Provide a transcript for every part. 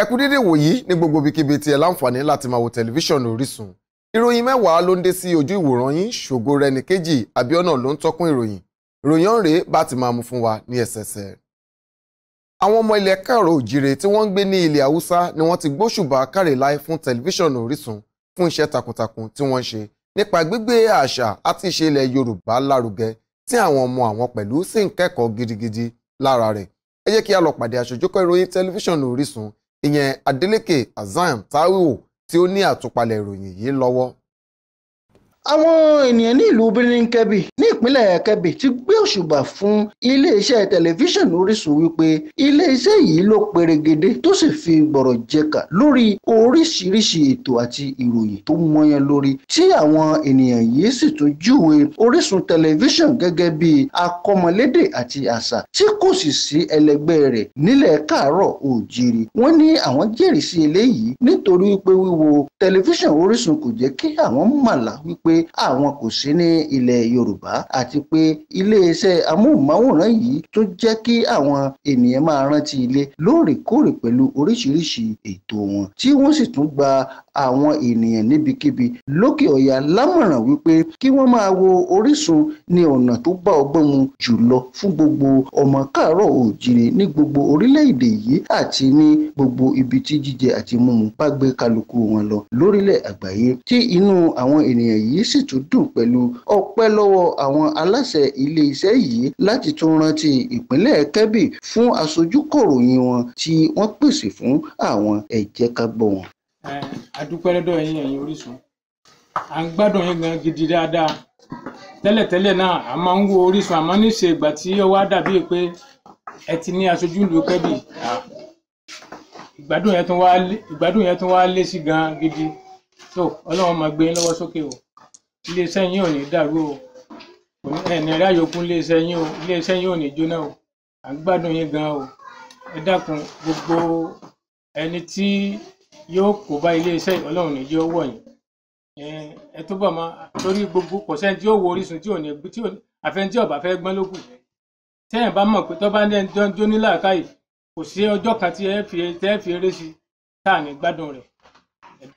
ẹ kú dédé wòyí ní gbogbo ibikíbi tí ẹ láǹfààní láti máa wo tẹlifíṣàn Orísun ìròyìn mẹ́wàá ló ń dé sí ojú ìwòran yín ṣògo rẹ kejì Abíọ́nà ló ń tọ́kún ìròyìn ìròyìn ọ̀rẹ́ bá ti máa mú fún wa ní ẹsẹsẹ. àwọn ọmọ ilẹ̀ káàrọ̀ òjìrè tí wọ́n ń gbé ní ilẹ̀ haúsá ni wọ́n ti gbóṣùbà káre láì fún tẹlifíṣàn Orísun fún iṣẹ́ takuntakun tí wọ́n ṣe nípa gbígbé àṣà àti ìṣe ilẹ̀ Yorùbá lárugẹ tí àwọn ọmọ àwọn pẹ̀lú sì ń kẹ́kọ̀ọ́ gidigidi lára rẹ̀ ẹ jẹ́ kí a ìyẹn Adeleke Hasan Taiwo tí ó ní àtúpalẹ̀ ìròyìn yìí lọ́wọ́ àwọn ènìyàn ní ìlú Birnin Kebbi ní ìpínlẹ̀ Kebbi ti gbé òṣùbà fún iléeṣẹ́ tẹlifíṣàn Orísun wípé iléeṣẹ́ yìí ló perégedé tó sì fi gbọ̀rọ̀ jẹ̀ka lórí oríṣiríṣi ètò àti ìròyìn tó mọ́yán lórí tí àwọn ènìyàn yìí sì tún júwe Orísun tẹlifíṣàn gẹ́gẹ́ bí akọ́mọlédè àti àṣà tí kò sì sí ẹlẹgbẹ́ rẹ̀ nílẹ̀ káàárọ̀ òjìrì wọ́n ní àwọn jẹ́rìí sí eléyìí nítorí wípé wíwo tẹlifíṣàn Orísun kò jẹ́ kí àwọn màlá wípé àwọn kò sí ní ilẹ̀ Yorùbá àti pé iléeṣẹ́ amóhùnmáwòrán yìí tó jẹ́ kí àwọn ènìyàn máa rántí ilé lóòrèkóòrè pẹ̀lú oríṣiríṣi ètò wọn tí wọ́n sì tún gba àwọn ènìyàn níbikíbi lókè ọ̀yà lámọ̀ràn wípé kí wọ́n máa wo Orísun ní ọ̀nà tó bá ọgbọ́n mu jùlọ fún gbogbo ọmọ káàárọ̀ òjìrè ní gbogbo orílẹ̀-èdè yìí àti ní gbogbo ibi tí jíjẹ àti mímu bá gbé kálukú wọn lọ lórílẹ̀ àgbáyé tí inú àwọn ènìyàn yìí sì tún dùn pẹ̀lú ọpẹ́ lọ́wọ́ àwọn aláṣẹ ilé iṣẹ́ yìí láti tún rántí ìpínlẹ̀ Kẹ́bì fún aṣojúkòròyìn wọn tí wọ́n pèsè fún àwọn ẹ ká gbọ́ wọn. àdúpẹ́ lọ́dọ̀ yín ẹ̀yin Orísun à ń gbádùn gan gidi dáadáa tẹ́lẹ̀tẹ́lẹ̀ náà a máa ń wo Orísun àmọ́ níṣe ìgbà tí ó wá dàbí pé ẹ ti ní aṣojú ìlú kẹ́bì ìgbádùn yẹn tún wá lé sí gan gidi tó Ọlọ́run máa gbé yín lọ́wọ́ o iléeṣẹ́ yín ò ní dàrú o iléeṣẹ́ yín ò ní jóná o à ń gbádùn o ẹ gbogbo ẹni yóò kó bá iléeṣẹ́ ọlọ́run ní yóò wọ̀ yín ẹ tó bọ̀ mọ́ torí gbogbo kò sẹ́ni tí ó wo Orísun tí ò ní tí ò àfẹn tí ọba fẹ́ gbọ́n ló kù tẹ́yìn bá mọ̀ pé tó bá ní ẹni tó ní làákàyè kò sí ọjọ́ kan tí ẹ fi tẹ́ fi eré sí tá à ní gbádùn rẹ̀.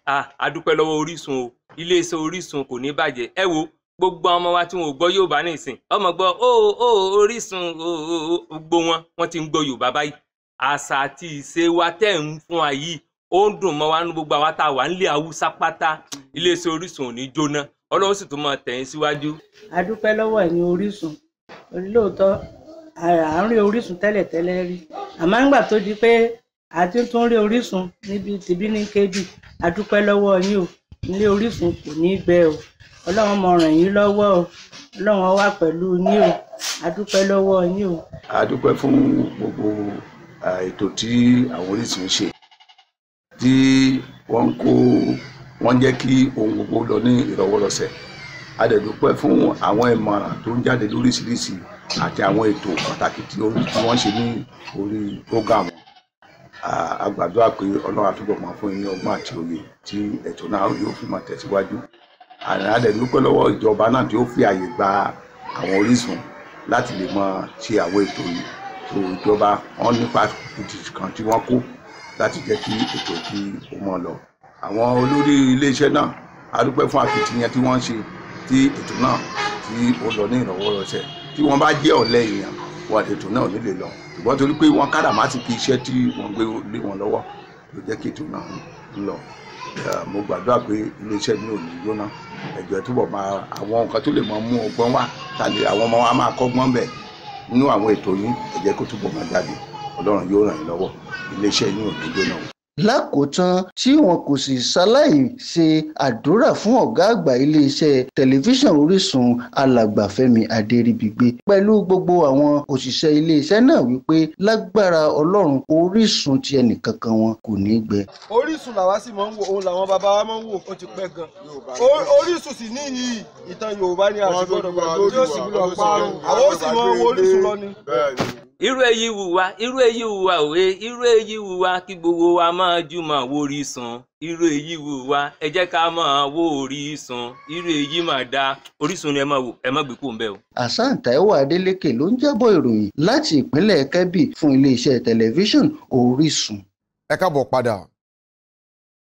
a dúpẹ́ lọ́wọ́ Orísun o iléeṣẹ́ Orísun kò ní bàjẹ́ ẹ wo gbogbo ọmọ wa tí wọn ò gbọ́ Yorùbá nìsín ọmọ gbọ́ ó ó Orísun ó ó gbó wọn wọn ti ń gbọ́ Yorùbá báyìí àṣà àti ìṣe wa tẹ́ ń fún wa yìí ó ń dùn mọ́ wa ní gbogbo àwa tá a wà nílé haúsá pátá iléeṣẹ́ Orísun ò ní jóná ọlọ́run sì tún máa tẹ̀yìn síwájú. a dúpẹ́ lọ́wọ́ ẹ̀yin Orísun lóòótọ́ àárín Orísun tẹ́lẹ̀tẹ́lẹ̀ rí àmọ́ ńgbà tó di pé a ti tún rí Orísun níbi tìbí ní kébì a dúpẹ́ lọ́wọ́ yín o nílé Orísun kò ní í gbẹ o ọlọ́run mọ ràn yín lọ́wọ́ o ọlọ́run wà pẹ̀lú yín o a dúpẹ́ lọ́wọ́ yín o. a dúpẹ́ fún gbogbo ètò tí àwọn Orísun ń ṣe tí wọ́n kó wọ́n jẹ́ kí ohun gbogbo lọ ní ìrọwọ́rọsẹ̀ a dẹ̀ dúpẹ́ fún àwọn ìmọ̀ràn tó ń jáde lóríṣiríṣi àti àwọn ètò pàtàkì tí wọ́n ṣe ní orí program a gbàdúrà pé ọlọ́run àtúbọ̀ máa fún yín ní ọgbọ́n àti òye tí ètò náà yóò fi máa tẹ̀síwájú a dẹ̀ dúpẹ́ lọ́wọ́ ìjọba náà tí ó fi àyè gba àwọn orísun láti lè máa ṣe àwọn ètò yìí tó ìjọba wọn nípa kan tí wọ́n kó láti jẹ́ kí ètò kí ó mọ́ lọ àwọn olórí iléeṣẹ́ náà a dúpẹ́ fún akitiyan tí wọ́n ń ṣe tí ètò náà tí ó lọ ní ìrọ̀wọ́rọ̀sẹ̀ tí wọ́n bá jẹ́ ọ̀lẹ èèyàn wà ètò náà nílé lọ ṣùgbọ́n torí pé wọ́n káràmásìkí iṣẹ́ tí wọ́n gbé lé wọn lọ́wọ́ ló jẹ́ kí ètò náà lọ mo gbàdúrà pé iléeṣẹ́ mi ò ní gbóná ẹ̀jọ̀ túbọ̀ máa àwọn nǹkan tó lè máa mú ọgbọ́n wá tàbí àwọn ọmọ wa máa kọ́gbọ́n bẹ̀ nínú àwọn ètò yín ẹ̀jẹ̀ kó túbọ̀ máa jáde ọlọ́run yóò ràn yín lọ́wọ́ iléeṣẹ́ inú òní jóná o lákòótán tí wọn kò sì ṣaláì ṣe àdúrà fún ọ̀gá àgbà iléeṣẹ́ tẹlifíṣàn Orísun alàgbà Fẹ́mi Adéríbigbé pẹ̀lú gbogbo àwọn òṣìṣẹ́ iléeṣẹ́ náà wípé lágbára Ọlọ́run Orísun ti ẹnìkankan wọn kò ní gbẹ. Orísun làwa sì máa ń wo òun làwọn bàbá wa máa ń wò ó ti pẹ́ gan Orísun sì ní iyì ìtàn Yorùbá ni àti gbọ́dọ̀ gbàgbọ́ tí ó sì wúlò ọ̀pá àwọn ó sì máa ń wo Orísun lọ ni irú èyí wùwá irú èyí wùwá òwe eh, irú èyí wùwá kí gbogbo wa máa jùmọ̀ wórí san irú èyí wùwá ẹ jẹ́ ká máa wó orí san irú èyí mà dá Orísun ni ẹ máa wò ẹ má gbé kó ń bẹ o. Hasan Taiwo Adeleke ló ń jábọ̀ ìròyìn láti ìpínlẹ̀ Kebbi fún iléeṣẹ́ tẹlifíṣàn Orísun. ẹ káàbọ̀ padà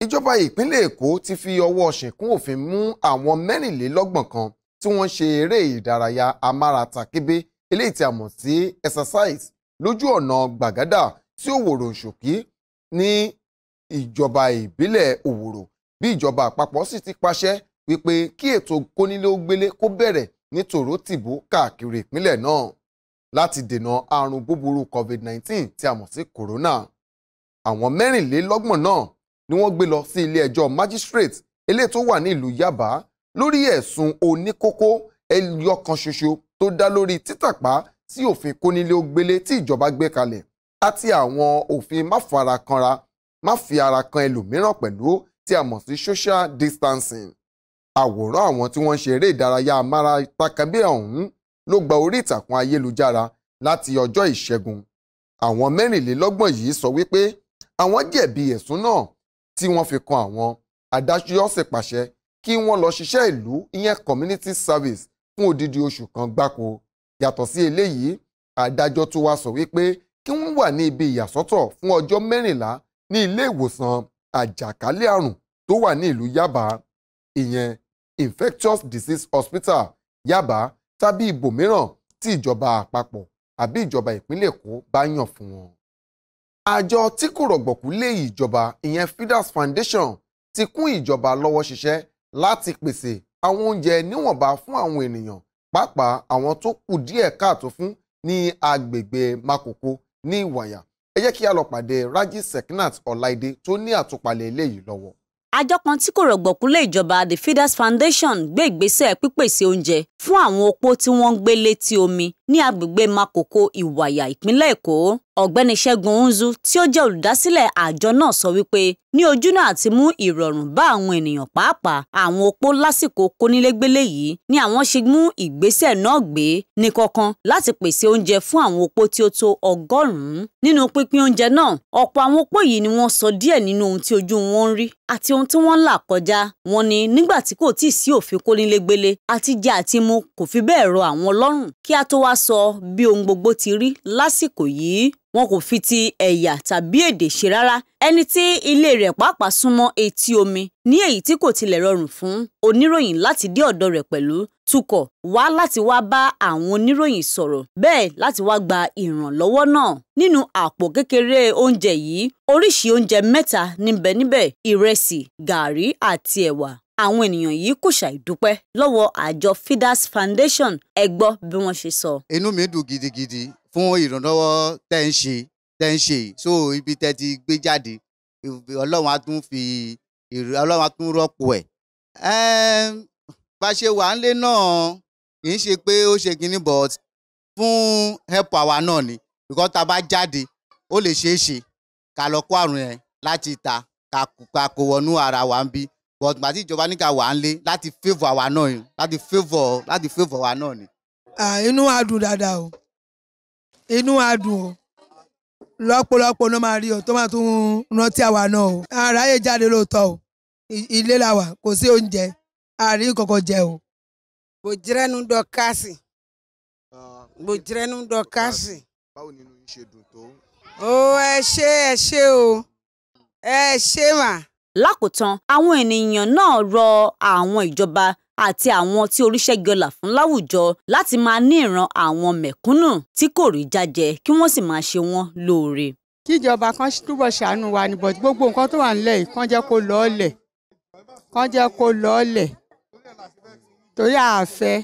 ìjọba ìpínlẹ̀ Èkó ti fi ọwọ́ ṣìnkún òfin mú àwọn mẹ́rìnlélọ́gbọ̀n kan tí wọ́n ṣe eré ìdárayá amáratakébé eléyìí tí a mọ̀ sí exercise lójú ọ̀nà gbàgádà sí òwòrò òṣòkí ní ìjọba ìbílẹ̀ òwòrò bí ìjọba àpapọ̀ sì ti pàṣẹ wípé kí ètò kónílógbélé kó bẹ̀rẹ̀ ní tòró tìbó káàkiri ìpínlẹ̀ náà láti dènà àrùn búburú covid-19 tí a mọ̀ sí corona àwọn mẹ́rìnlélọ́gbọ̀n náà ni wọ́n gbé lọ sí ilé ẹjọ́ magistrate eléyìí tó wà ní ìlú Yaba lórí ẹ̀sùn oníkókó ẹyọ kan ṣoṣo tó dá lórí títàpá sí òfin kónílé-ó-gbélé tí ìjọba gbé kalẹ̀ àti àwọn òfin máfarakanra máfi ara kan ẹlòmíràn pẹ̀lú tí a mọ̀ sí social distancing àwòrán àwọn tí wọ́n ń ṣe eré ìdárayá amára takẹ́bí ọ̀hún ló gba orí ìtàkùn ayélujára láti ọjọ́ ìṣẹ́gun àwọn mẹ́rìnlélọ́gbọ̀n yìí sọ wípé àwọn jẹ̀bi ẹ̀sùn náà tí wọ́n fi kan àwọn adájọ́ sì pàṣẹ kí wọ́n lọ ṣiṣẹ́ ìlú ìyẹn community service fún odidi oṣù kan gbáko yàtọ̀ sí eléyìí adájọ́ tó wá sọ wípé kí wọ́n wà ní ibi ìyàsọ́tọ̀ fún ọjọ́ mẹ́rìnlá ní ilé ìwòsàn àjàkálẹ̀ àrùn tó wà ní ìlú Yaba ìyẹn infectious disease hospital Yaba tàbí ibòmíràn tí ìjọba àpapọ̀ àbí ìjọba ìpínlẹ̀ Èkó bá yàn fún wọn. àjọ tí kò rọ̀gbọ̀kú lé ìjọba ìyẹn Fidas Foundation ti kún ìjọba lọ́wọ́ ṣiṣẹ́ láti pèsè àwọn oúnjẹ níwọ̀nba fún àwọn ènìyàn pàápàá àwọn tó kù díẹ̀ káàtó fún ní agbègbè Makoko ní Ìwàyà ẹ jẹ́ kí a lọ pàdé Raji Seknat Ọláìdé tó ní àtúpalẹ̀ eléyìí lọ́wọ́. àjọ kan tí kò rọ̀gbọ̀kú lé ìjọba The Feeders Foundation gbé ìgbésẹ̀ pípèsè oúnjẹ fún àwọn opó tí wọ́n ń gbé létí omi ní agbègbè makoko Ìwàyà ìpínlẹ̀ Èkó ọ̀gbẹ́ni Ṣẹ́gun Nzu tí ó jẹ́ olùdásílẹ̀ àjọ náà sọ wípé ní ojúnà àti mú ìrọ̀rùn bá àwọn ènìyàn pàápàá àwọn opó lásìkò kónílégbélé yìí ni àwọn ṣe mú ìgbésẹ̀ náà gbé ní kankan láti pèsè oúnjẹ fún àwọn opó tí ó tó ọgọ́rùn nínú pínpín oúnjẹ náà ọ̀pọ̀ àwọn opó yìí ni wọ́n sọ díẹ̀ nínú ohun tí ojú wọn ń rí àti ohun tí wọ́n ń là kọjá wọn ni nígbà tí kò tíì sí òfin kónílégbélé àti jẹ mu kò fi bẹ́ẹ̀ rọ àwọn lọ́rùn kí a tó wá sọ bí ohun gbogbo ti rí lásìkò yìí wọn kò fi ti ẹ̀yà tàbí èdè ṣe rárá ẹni tí ilé rẹ̀ pàápàá súnmọ́ etí omi ní èyí tí kò tilẹ̀ rọrùn fún oníròyìn láti dé ọ̀dọ̀ rẹ̀ pẹ̀lú tukọ̀ wá láti wá bá àwọn oníròyìn sọ̀rọ̀ bẹ́ẹ̀ láti wá gba ìrànlọ́wọ́ náà nínú àpò kékeré oúnjẹ yìí oríṣìí oúnjẹ mẹ́ta níbẹ̀ níbẹ̀ ìrẹsì gàárì àti ẹ̀wà àwọn ènìyàn yìí kò ṣàì dúpẹ́ lọ́wọ́ àjọ Fidas Foundation ẹ gbọ́ bí wọ́n ṣe sọ. inú mi dùn gidigidi fún ìrànlọ́wọ́ tẹ́ ń ṣe tẹ́ ń ṣe so ibi tẹ́ ti gbé jáde ọlọ́run á tún fi ọlọ́run á tún rọ́pò ẹ̀. bá a ṣe wà á lé náà kì í ṣe pé ó ṣe kinní but fún help àwa náà ni because tá a bá jáde ó lè ṣeé ṣe ká lọ kó àrùn yẹn láti ìta ká kó wọnú ara wa ń bí but gbà tí ìjọba ní ká wà á lé láti favour àwa náà ni láti favour láti favour àwa náà ni. inú wa dùn dáadáa o inú wa dùn o lọ́pọ̀lọpọ̀ ló máa rí o tó máa tún rántí àwa náà o àráyè jáde lóòótọ́ o ilé la wà kò sí oúnjẹ àrí kọ̀kọ̀ jẹ o. bòjìrẹ́nu dọ káàsì bòjìrẹ́nu dọ káàsì. báwo ni inú yín ṣe dùn tó. ó ẹ ṣé ẹ ṣé o ẹ ṣé mà lákòótán àwọn ènìyàn náà rọ àwọn ìjọba àti àwọn tí oríṣẹ́ gọlà fún láwùjọ láti máa ní ìran àwọn mẹ̀kúnnù tí kò rí jájẹ kí wọ́n sì máa ṣe wọ́n lóore. kíjọba kan túbọ̀ ṣàánú wa ni but gbogbo nǹkan tó wà nílẹ̀ yìí kàn jẹ́ kó lọ́ọ̀lẹ̀ kàn jẹ́ kó lọ́ọ̀lẹ̀ torí àfẹ́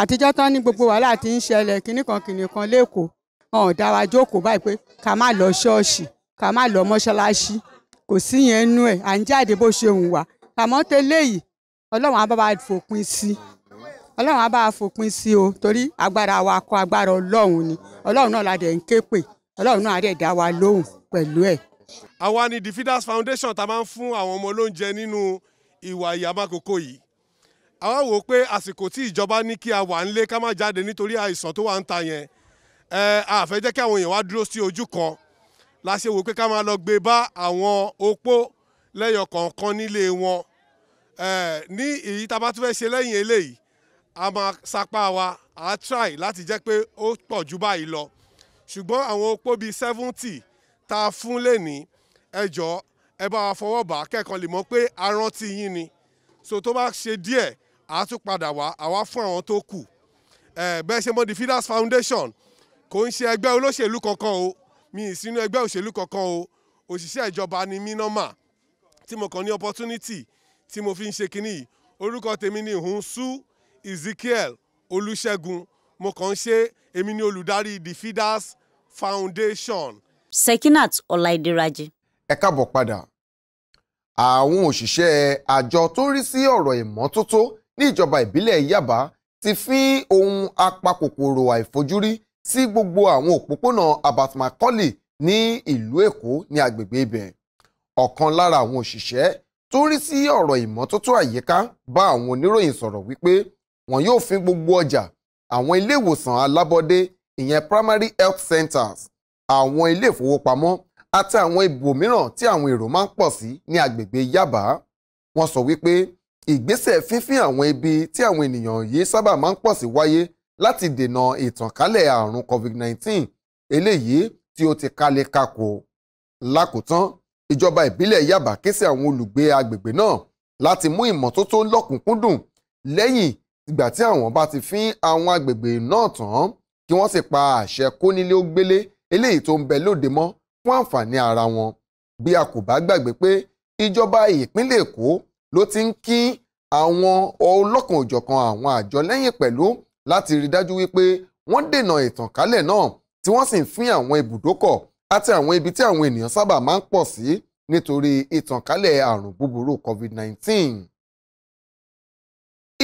àtijọ́ tán ní gbogbo wàhálà tí ń ṣẹlẹ̀ kínní kan kìnìún kan lẹ́kọ̀ọ́ ọ̀hún dá jókòó báyìí pé ká má lọ ṣọ́ọ̀ṣì ká má lọ mọ́ṣáláṣí kò sí yẹn nú ẹ̀ à ń jáde bó ṣe wù wá àmọ́ tẹ́lẹ̀ yìí ọlọ́run fòpin sí i ọlọ́run fòpin sí o torí agbára wa kọ agbára ọlọ́run ni ọlọ́run náà la dẹ̀ ń ké pè ọlọ́run náà dẹ̀ dá wa lóhùn pẹ̀lú ẹ̀. àwa ni the feeders foundation ta máa ń fún àwọn ọmọ olóúnjẹ nínú ìwà ìyàmákòókò yìí àwa wò ó pé àsìkò tí ìjọba ní kí a wà ń lé ká má jáde nítorí àìsàn tó wà ń ta yẹn ẹ kí àwọn èèyàn wá dúró sí ojú kan la ṣe wò pé ká máa lọ gbé bá àwọn opó lẹ́yọ kọ̀ọ̀kan nílé wọn ní èyí tá a bá tún fẹ́ ṣe lẹ́yìn eléyìí a máa sapá wa a try láti jẹ́ pé ó pọ̀ jù báyìí lọ ṣùgbọ́n àwọn opó bíi seventy tá a fún lẹ́ni ẹ jọ̀ọ́ ẹ bá wa fọwọ́ bá kẹ́kọ̀ọ́ lè mọ̀ pé a rántí yín ni so tó bá ṣe díẹ̀ a tún padà wá àwa fún àwọn tó kù bẹ́ẹ̀ ṣe mọ́ the Feeders Foundation kò ń ṣe ẹgbẹ́ olóṣèlú kankan o mi ì sínú ẹgbẹ́ òṣèlú kankan o òṣìṣẹ́ ìjọba ni mí nọ́mà tí mo kàn ní opportunity tí mo fi ń ṣe kinní yìí orúkọ tèmi ni Hunsu Ezekiel Olúṣẹ́gun mo kàn ń ṣe èmi ni olùdarí the Feeders Foundation. Sekinat Ọláìdíraji. ẹ káàbọ̀ padà àwọn òṣìṣẹ́ àjọ tó ń rí sí ọ̀rọ̀ ìmọ́tótó ní ìjọba ìbílẹ̀ Yaba ti fín ohun apakòkòrò àìfojúrí sí gbogbo àwọn òpópónà Abat Macaulay ní ìlú Èkó ní agbègbè ibẹ̀ ọ̀kan lára àwọn òṣìṣẹ́ tó ń rí sí ọ̀rọ̀ ìmọ́tótó àyíká bá àwọn oníròyìn sọ̀rọ̀ wípé wọn yóò fin gbogbo ọjà àwọn ilé ìwòsàn alábọ́dé ìyẹn primary health centers àwọn ilé ìfowópamọ́ àti àwọn ibòmíràn tí àwọn èrò máa ń pọ̀ sí ní agbègbè Yaba wọ́n sọ wípé ìgbésẹ̀ fífín àwọn ibi tí àwọn ènìyàn yìí sábà máa ń pọ̀ sí wáyé láti dènà ìtànkálẹ̀ àrùn COVID-19 eléyìí tí ó ti kálẹ̀ kakò. lákòótán ìjọba ìbílẹ̀ Yaba ké sí àwọn olùgbé agbègbè náà láti mú ìmọ́tótó lọ́kùnkúndùn lẹ́yìn ìgbà tí àwọn bá ti fín àwọn agbègbè náà tán kí wọ́n sì pa àṣẹ kónílé ó gbélé eléyìí tó ń bẹ lóde mọ́ fún àǹfààní ara wọn bí a kò bá gbàgbé pé ìjọba ìpínlẹ̀ Èkó ló ti ń kí àwọn ọlọ́kan àwọn àjọ lẹ́yìn pẹ̀lú láti rí dájú wípé wọ́n dènà ìtànkálẹ̀ náà tí wọ́n sì ń fín àwọn ibùdókọ̀ àti àwọn ibi tí àwọn ènìyàn sábà máa ń pọ̀ sí nítorí ìtànkálẹ̀ àrùn búburú COVID-19.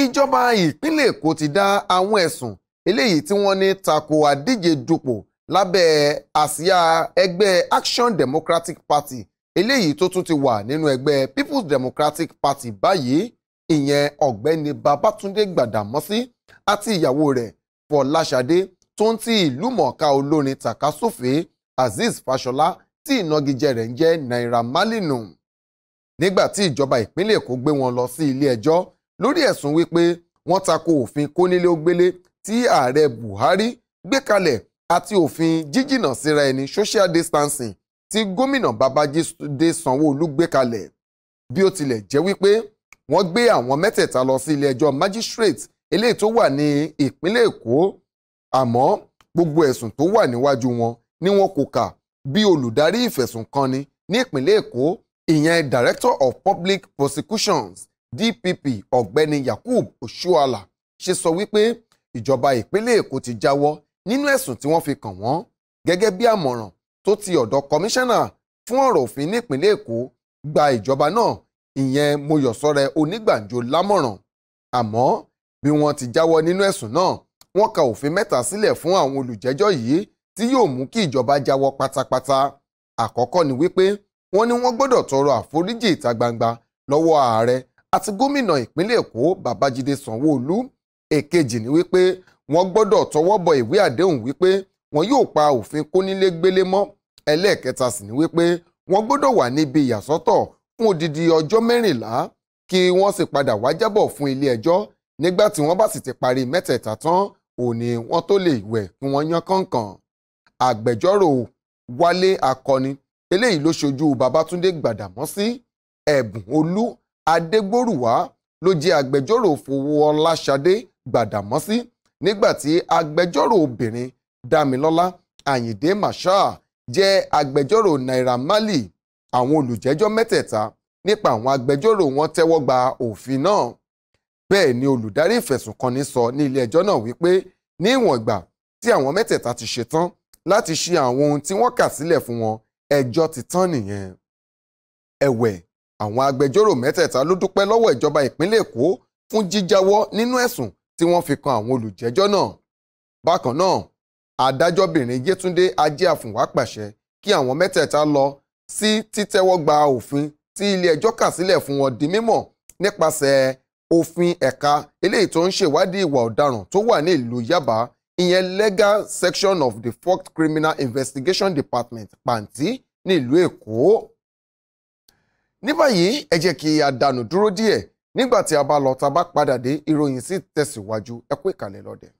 ìjọba ìpínlẹ̀ Èkó ti dá àwọn ẹ̀sùn eléyìí tí wọ́n ní tako àdíje dupò lábẹ́ àsíá ẹgbẹ́ Action Democratic Party eléyìí tó tún ti wà nínú ẹgbẹ́ People's Democratic Party báyìí ìyẹn ọ̀gbẹ́ni Babátúndé Gbàdámọ́sí àti ìyàwó rẹ̀ fọláṣadé tó ń ti ìlú mọ̀ọ́ká olórin tàkásòfé azeez fàṣọlá tí ìnagijẹ rẹ̀ ń jẹ́ naira marley nù nígbà tí ìjọba ìpínlẹ̀ èkó gbé wọn lọ sí ilé ẹjọ́ lórí ẹ̀sùn wípé wọ́n tako òfin kónílé ó tí ààrẹ buhari gbé kalẹ̀ àti òfin jíjìnà síra ẹni social distancing tí gómìnà babájídé sanwóolu gbé kalẹ̀ bí ó tilẹ̀ jẹ́ wípé wọ́n gbé àwọn mẹ́tẹ̀ẹ̀ta lọ sí ilé ẹjọ́ magistrate eléyìí tó wà ní ìpínlẹ̀ Èkó àmọ́ gbogbo ẹ̀sùn tó wà níwájú wọn ni wọn kò kà bí olùdarí ìfẹ̀sùnkanni ní ìpínlẹ̀ Èkó ìyẹn Director of Public Prosecutions DPP ọ̀gbẹ́ni Yakub Oshuala ṣe sọ wípé ìjọba ìpínlẹ̀ Èkó ti jáwọ́ nínú ẹ̀sùn tí wọ́n fi kàn wọ́n gẹ́gẹ́ bí àmọ̀ràn tó ti ọ̀dọ̀ kọmíṣánná fún ọ̀rọ̀ òfin nípìnlẹ̀ Èkó gba ìjọba náà ìyẹn Mọ́yọ̀sọ́rẹ́ Onígbànjo lámọ̀ràn àmọ́ bí wọ́n ti jáwọ́ nínú ẹ̀sùn náà wọ́n ka òfin mẹ́ta sílẹ̀ fún àwọn olùjẹ́jọ́ yìí tí yóò mú kí ìjọba jáwọ́ pátápátá àkọ́kọ́ ni wípé wọ́n ní wọ́n gbọ́dọ̀ tọrọ àforíjì ìta gbangba lọ́wọ́ ààrẹ àti gómìnà ìpínlẹ̀ èkó babájídé sanwóolu èkejì ni wípé wọ́n gbọ́dọ̀ tọwọ́ bọ ìwé àdéhùn wípé wọ́n yóò pa òfin kónílégbélé mọ́ ẹlẹ́ẹ̀kẹta sì ni wípé wọ́n gbọ́dọ̀ wà níbi ìyàsọ́tọ̀ fún odidi ọjọ́ mẹ́rìnlá kí wọ́n sì padà wá jábọ̀ fún ilé ẹjọ́ nígbà tí wọ́n bá sì ti parí mẹ́tẹ̀ẹ̀ta tán òní wọ́n tó lè wẹ̀ kí wọ́n yan kànkàn àgbẹjọ́rò Wálé Akọni eléyìí ló ṣojú Babátúndé Gbàdàmọ́sí ẹ̀bùn olú adégbòrúwá ló jẹ́ agbẹjọ́rò Fowóọláṣadé Gbàdàmọ́sí nígbà tí agbẹjọ́rò obìnrin Dámilọ́lá Àyìndé Marshal jẹ́ agbẹjọ́rò Naira Marley àwọn olùjẹ́jọ́ mẹ́tẹ̀ẹ̀ta nípa àwọn agbẹjọ́rò wọn tẹ́wọ́ gba òfin náà bẹ́ẹ̀ ni olùdarí ìfẹ̀sùnkanni sọ ní ilé ẹjọ́ náà wípé ní ìwọ̀n ìgbà tí àwọn mẹ́tẹ̀ẹ̀ta ti ṣetán láti ṣe àwọn ohun tí wọ́n kà sílẹ̀ fún wọn ẹjọ́ ti tán nìyẹn. ẹ̀wẹ̀ àwọn agbẹjọ́rò mẹ́tẹ̀ẹ̀ta ló dúpẹ́ lọ́wọ́ ìjọba ìpínlẹ̀ Èkó fún jíjáwọ́ nínú ẹ̀sùn tí wọ́n fi kan àwọn olùjẹ́jọ́ náà. bákan náà adájọ́bìnrin Yétúndé Ajéàfúnwá pàṣẹ kí àwọn mẹ́tẹ̀ẹ̀ta lọ sí títẹ́wọ́ gba òfin tí ilé ẹjọ́ kà sílẹ̀ fún wọn di mímọ̀ nípasẹ̀ òfin ẹ̀ka eléyìí tó ń ṣèwádìí ìwà ọ̀daràn tó wà ní ìlú Yaba ìyẹn legal section of the fourth criminal investigation department pàǹtí ní ìlú Èkó. ní báyìí ẹ jẹ́ kí a dànù dúró díẹ̀ nígbà tí a bá lọ tá a bá padà dé ìròyìn sì tẹ̀síwájú ẹ kú ìkàlẹ̀ lọ́dẹ̀.